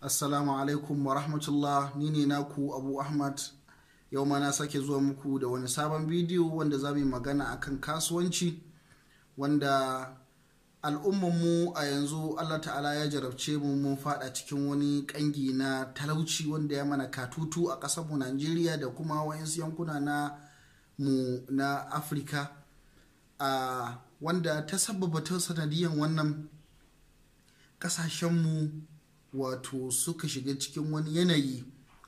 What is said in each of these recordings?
assalamu alaikum wa rahmatullah ni ne naku abu ahmad yau ma na sake zuwa muku da wani sabon bidiyo wanda za mu yi magana akan kasuwanci wanda al'ummanmu a yanzu allah ta'ala ya jarabce mu mun fada cikin wani kangi na talauci wanda ya mana katutu a ƙasarmu najeriya da kuma wayansu yankuna na mu na afirka a wanda ta sababa ta sanadiyan wannan ƙasashenmu wato suka shiga cikin wani yanayi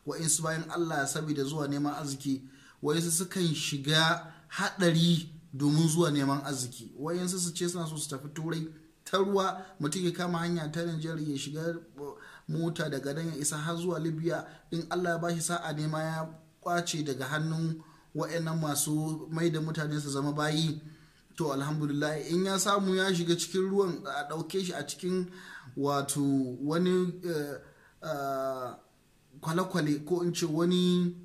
wa'insu bayan Allah saboda zuwa neman arziki wa'insu sukan shiga haɗari domin zuwa neman arziki wa'insu su ce suna so su tafi turai ta ruwa mutum ya kama hanya ta nigeria ya shiga uh, mota daga nan ya isa har zuwa Libya in Allah ya bashi sa'a nema ya kwace daga hannun wa'annan masu mai da mutane su zama bayi to alhamdulillah in ya samu ya shiga cikin ruwan a ɗauke shi a cikin wato wani eh, eh, kwale-kwale ko in ce wani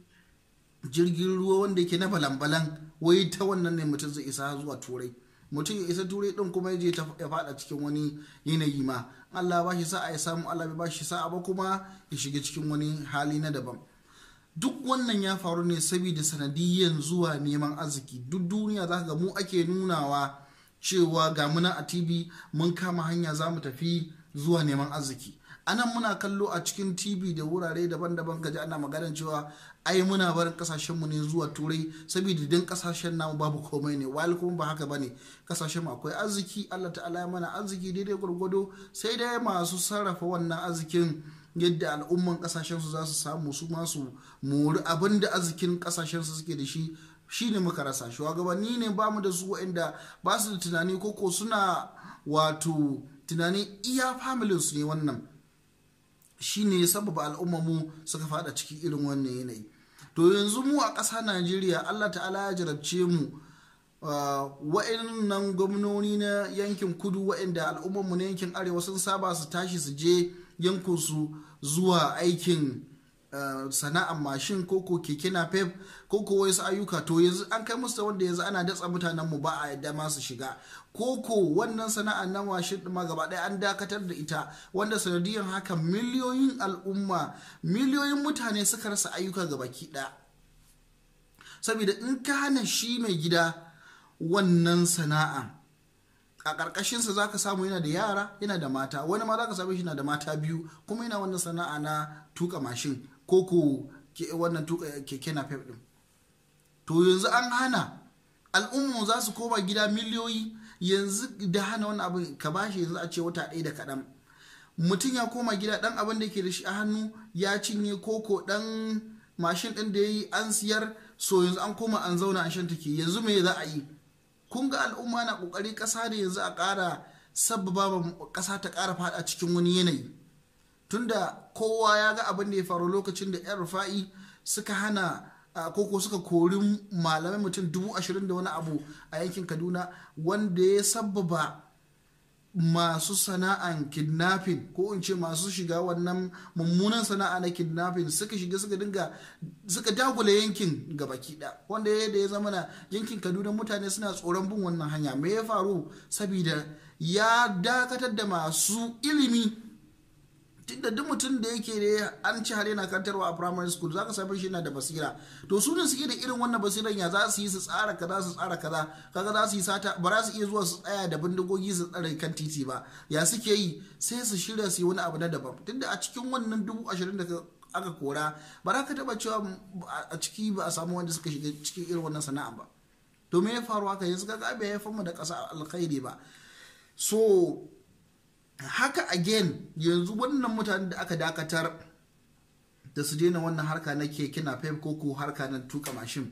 jirgin ruwa wanda yake na balan-balan wai ta wannan ne mutum zai isa zuwa turai mutum ya isa turai din kuma ya je ya fada cikin wani yanayi ma Allah ba shi sa'a ya samu Allah ba shi sa'a ba kuma ya shiga cikin wani hali na daban duk wannan ya faru ne saboda sanadiyyan zuwa neman arziki duk duniya za ga mu ake nunawa cewa ga muna a tv mun kama hanya za mu tafi zuwa neman arziki anan muna kallo a cikin tv da wurare daban-daban gaji ana maganar cewa ai muna barin kasashenmu ne zuwa turai saboda din kasashen namu babu komai ne wali kuma ba haka bane kasashen akwai arziki Allah ta'ala ya mana arziki daidai gwargwado sai dai masu sarrafa wannan arzikin yadda al'umman kasashen su za su samu su masu mori abin da arzikin kasashen su suke da shi shi ne muka rasa shugabanni ne bamu da su wa'inda ba su da tunani koko suna wato tunanin iya familin su ne wannan shi ne sababa al'umma mu suka fada cikin irin wannan yanayi to yanzu mu a ƙasa najeriya allah ta'ala ya jarabce mu ah, wa'annan gwamnoni na yankin kudu wa'inda al'ummamu mu na yankin arewa sun saba su tashi su je yankunsu zuwa aikin Eh, sana'ar mashin ko ko keke napep ko ko wasu ayyuka to yanzu an kai musu wanda yanzu ana datsa mutanen mu ba a yadda ma su shiga ko ko wannan sana'ar nan washin ma gaba ɗaya an dakatar da ita wanda sanadiyar haka miliyoyin al'umma miliyoyin mutane suka rasa ayyuka gaba ki ɗaya saboda in ka hana shi mai gida wannan sana'a a ƙarƙashinsa za ka samu yana da yara yana da mata wani ma za ka samu shi na da mata biyu kuma yana wannan sana'a na tuka mashin ko ku wannan eh, keke na ɗin to yanzu an hana al'ummu za su koma gida miliyoyi yanzu da hana wani abin ka bashi yanzu a ce wata ɗaya da kaɗan mutum ya koma gida ɗan abin da ke da shi a hannu ya cinye koko ɗan mashin ɗin da ya yi an siyar so yanzu an koma an zauna an shan take yanzu me za a yi kun ga al'umma na ƙoƙari ƙasa da yanzu a ƙara sabbaba ƙasa ta ƙara faɗa cikin wani yanayi tunda kowa ya ga abin da ya faru lokacin da yan rufa'i suka hana koko suka kori malamai mutum dubu ashirin da wani abu a yankin kaduna wanda ya sababa masu sana'an kidnapping ko in ce masu shiga wannan mummunan sana'a na kidnapping suka shiga suka dinga suka dagula yankin gabaki da wanda ya da ya zama na yankin kaduna mutane suna tsoron bin wannan hanya me ya faru saboda ya dakatar da masu ilimi tunda duk mutum da yake ne an ci har yana kantarwa a primary school ka sami shi yana da basira to su ne suke da irin wannan basiran ya za su yi su tsara kaza su tsara kaza kaga za su yi sata ba za su iya zuwa su tsaya da bindigogi su tsare kan titi ba ya suke yi sai su shirya su yi wani abu na daban tunda a cikin wannan dubu ashirin da aka kora ba za ka taba cewa a ciki ba a samu wanda suka shiga cikin irin wannan sana'a ba to me ya faru haka yanzu kaga bai haifar mu da ƙasa alkhairi ba so haka again yanzu wannan mutanen da aka dakatar da su daina wannan harka na keke na fef ko ko harka na tuka mashin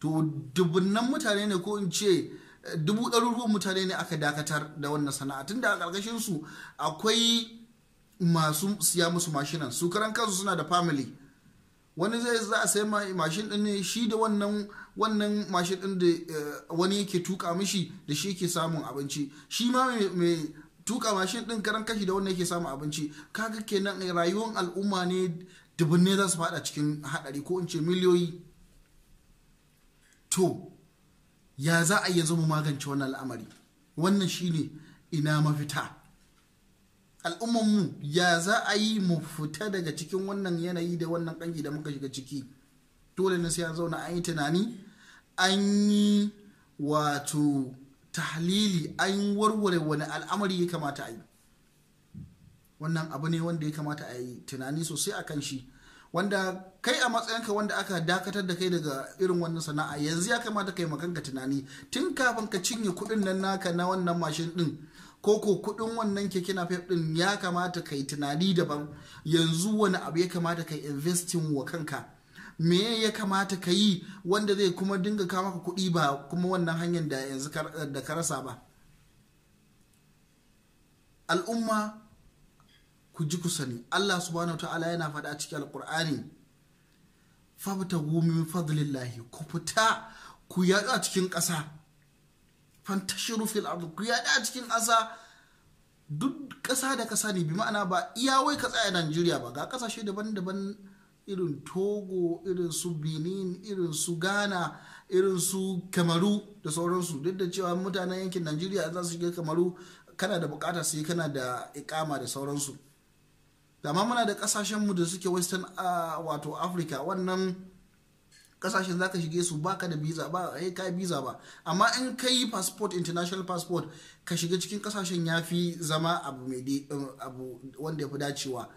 to dubunan mutane ne ko in ce eh, dubu ɗaruruwan mutane ne aka dakatar da wannan sana'a tunda a ƙarƙashin su akwai masu siya musu mashinan su karan kansu suna da family wani zai za a sai mashin din ne shi da wannan wannan mashin din da eh, wani yake tuka mishi da shi yake samun abinci shi ma tuka mashin din karan kashi da wannan yake samun abinci kaga kenan rayuwar al'umma ne dubunne za su fada cikin hadari ko in ce miliyoyi to ya za a yanzu mu magance wannan al'amari wannan shine ina mafita mu ya za a yi mu fita daga cikin wannan yanayi da wannan kangi da muka shiga ciki dole ne sai an zauna an yi tunani an yi wato tahlili an warware wani al'amari ya kamata a yi wannan abu ne wanda ya kamata a yi tunani sosai a kan shi wanda kai a matsayinka wanda aka dakatar da kai daga irin wannan sana'a yanzu ya kamata kai makanka tunani tun kafin ka cinye kuɗin nan naka na wannan mashin ɗin ko ko kuɗin wannan keke na ɗin ya kamata kai tunani daban yanzu wani abu ya kamata kai investing wa kanka me ya kamata ka yi wanda zai kuma dinga kawo maka kuɗi ba kuma wannan hanyar da yanzu da ka rasa ba al'umma ku ji ku sani Allah subhanahu ta'ala yana faɗa a cikin al'kur'ani fabtagu min fadlillahi ku fita ku yaɗu a cikin ƙasa fantashiru fil abu ku yaɗu a cikin ƙasa duk ƙasa da ƙasa ne bi ma'ana ba iyawai ka tsaya Najeriya ba ga ƙasashe daban-daban irin togo irin su benin irin su ghana irin su kamaru da sauransu duk da cewa mutanen yankin najeriya za su shiga kamaru kana da bukata sai kana da ikama da sauransu dama muna da kasashenmu da suke western wato africa wannan kasashen ka shige su baka da biza ba a eh, kai biza ba amma in ka yi passport international passport ka shiga cikin kasashen fi zama eh, abu wanda ya fi yafi dacewa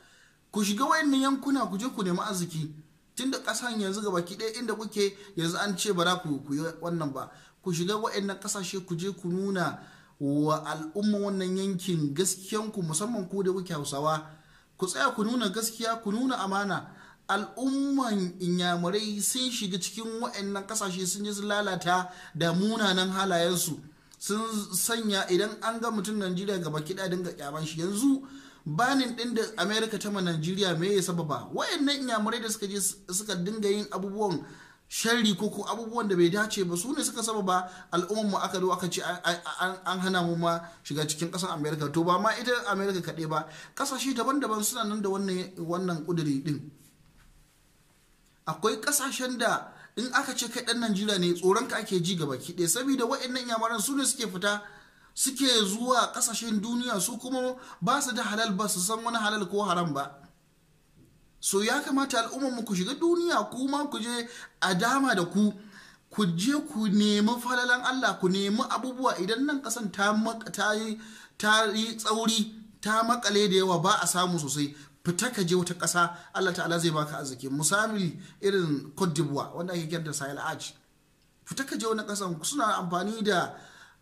ku shiga wayannan yankuna ku je ku nemi arziki tunda kasan yanzu ga baki ɗaya inda kuke yanzu an ce ba za ku yi wannan ba ku shiga wayannan kasashe ku je ku nuna wa al'umma wannan yankin gaskiyanku musamman ku da kuke hausawa ku tsaya ku nuna gaskiya ku nuna amana al'umman inyamurai sun shiga cikin waɗannan kasashe sun yi lalata da munanan halayensu sun sanya idan an ga mutum najeriya gaba kiɗa dinga kyaman shi yanzu banin din da america ta ma najeriya me ya sababa wayannan inyamurai da suka je suka dinga yin abubuwan sharri ko ko abubuwan da bai dace ba su ne suka ba al'ummar mu aka zo aka ce an hana mu ma shiga cikin kasar america to ba ma ita america kaɗai ba ƙasashe daban-daban suna nan da wannan wannan din akwai ƙasashen da in aka ce kai ɗan najeriya ne tsoron ka ake ji gaba ki ɗaya saboda wayannan yamaran su ne suke fita suke zuwa kasashen duniya su kuma ba su da halal ba su san wani halal ko haram ba so ya kamata mu ku shiga duniya kuma ku je a dama da ku ku je ku nemi falalan Allah ku nemi abubuwa idan nan kasan ta yi tsauri ta makale da yawa ba a samu sosai fita ka je wata ƙasa Allah ta'ala zai baka arziki misali irin Cote d'Ivoire wanda ake kira da Sahel Arch fita ka je wani ƙasan suna amfani da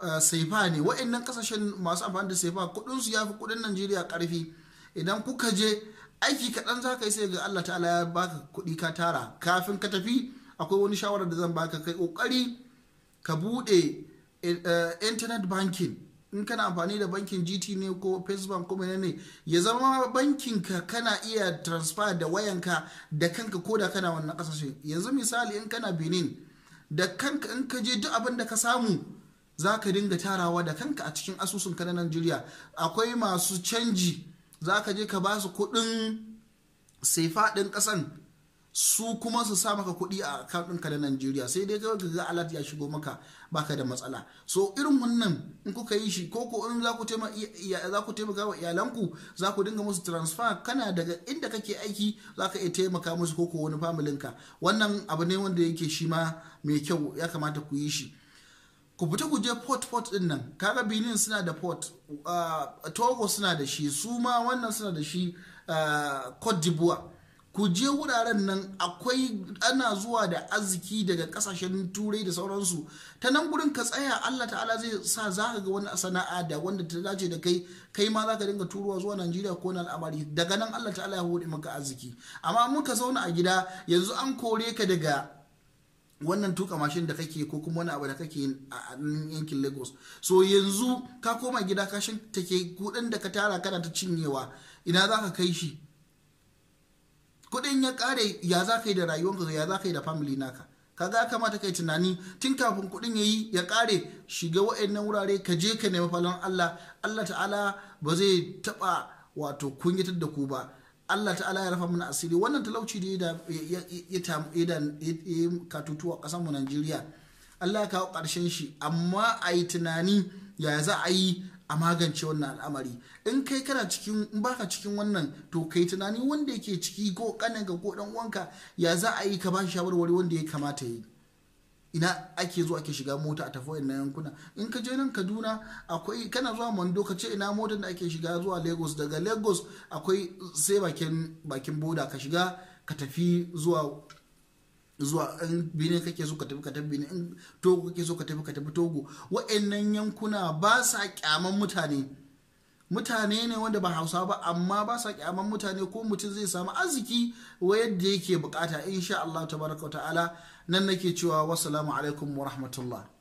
Eh, saifa ne wa'annan kasashen masu amfani da saifa kudinsu ya fi kudin najeriya karfi idan kuka je aiki kaɗan za ka yi sai ga allah ta'ala ya baka kuɗi ka tara kafin ka tafi akwai wani shawarar da zan baka kai ƙoƙari ka buɗe eh, internet banking in kana amfani da bankin gt ne ko facebook ko menene ya zama bankin ka kana iya transfer da wayanka da kanka ko da kana wannan kasashe yanzu misali in kana benin da kanka in ka je duk abin da ka samu za ka dinga tarawa da kanka a cikin asusun ka na Najeriya akwai masu canji za ka je ka ba su kuɗin sai ɗin ƙasan su kuma su sa maka kuɗi a akaunt ka na Najeriya sai dai kawai ga alat ya shigo maka baka da matsala so irin wannan in kuka yi shi ko in za ku taimaka wa iyalanku za ku dinga musu transfer kana daga inda kake aiki za ka iya taimaka musu ko ko wani familinka wannan abu ne wanda yake shi ma mai kyau ya kamata ku yi shi ku fita ku je port port din nan kaga benin suna da port ah, togo suna da shi su wannan suna da shi ah, cote d'ivoire ku je wuraren nan akwai ana zuwa da arziki daga kasashen turai da sauransu ta nan gurin ka tsaya allah ta'ala zai sa za ka ga wani sana'a da wanda ta dace da kai kai ma za ka dinga turuwa zuwa najeriya ko na al'amari daga nan allah ta'ala ya hudu maka arziki amma muka zauna a gida yanzu an kore ka daga wannan tuka mashin da kake ko kuma wani abu da kake a yankin lagos so yanzu ka koma gida ka kashin take kudin da ka tara kana ta cinyewa ina za ka kai shi kudin ya kare ya za ka yi da rayuwanka ya za ka yi da family naka kaga kamata kai tunani tun kafin kudin yi ya kare shiga wa'annan wurare ka je ka nemi falon Allah Allah ta'ala ba zai taba wato kunyatar da ku ba Allah ta'ala ya rafa mana asiri wannan talauci da ya katutuwa a mu Najeriya Allah ya kawo ƙarshen shi amma a yi tunani ya za a yi a magance wannan al'amari in kai kana cikin in baka cikin wannan to kai tunani wanda yake ciki ko kanin ga ko dan uwanka ya za a yi ka ba shawarwari wanda ya kamata yi ina ake zuwa ake shiga mota a tafi wannan yankuna in ka je nan kaduna akwai kana zuwa mando ka ce ina motar da ake shiga zuwa lagos daga lagos akwai sai bakin bakin boda ka shiga ka tafi zuwa zuwa in benin kake so ka tafi ka tafi benin in togo kake so ka tafi ka tafi togo wa'annan yankuna ba sa kyaman mutane mutane ne wanda ba hausa ba amma ba sa kyaman mutane ko mutum zai samu arziki wa yadda yake bukata insha Allah tabaraka ta'ala nan nake cewa wasu alaikum wa rahmatullah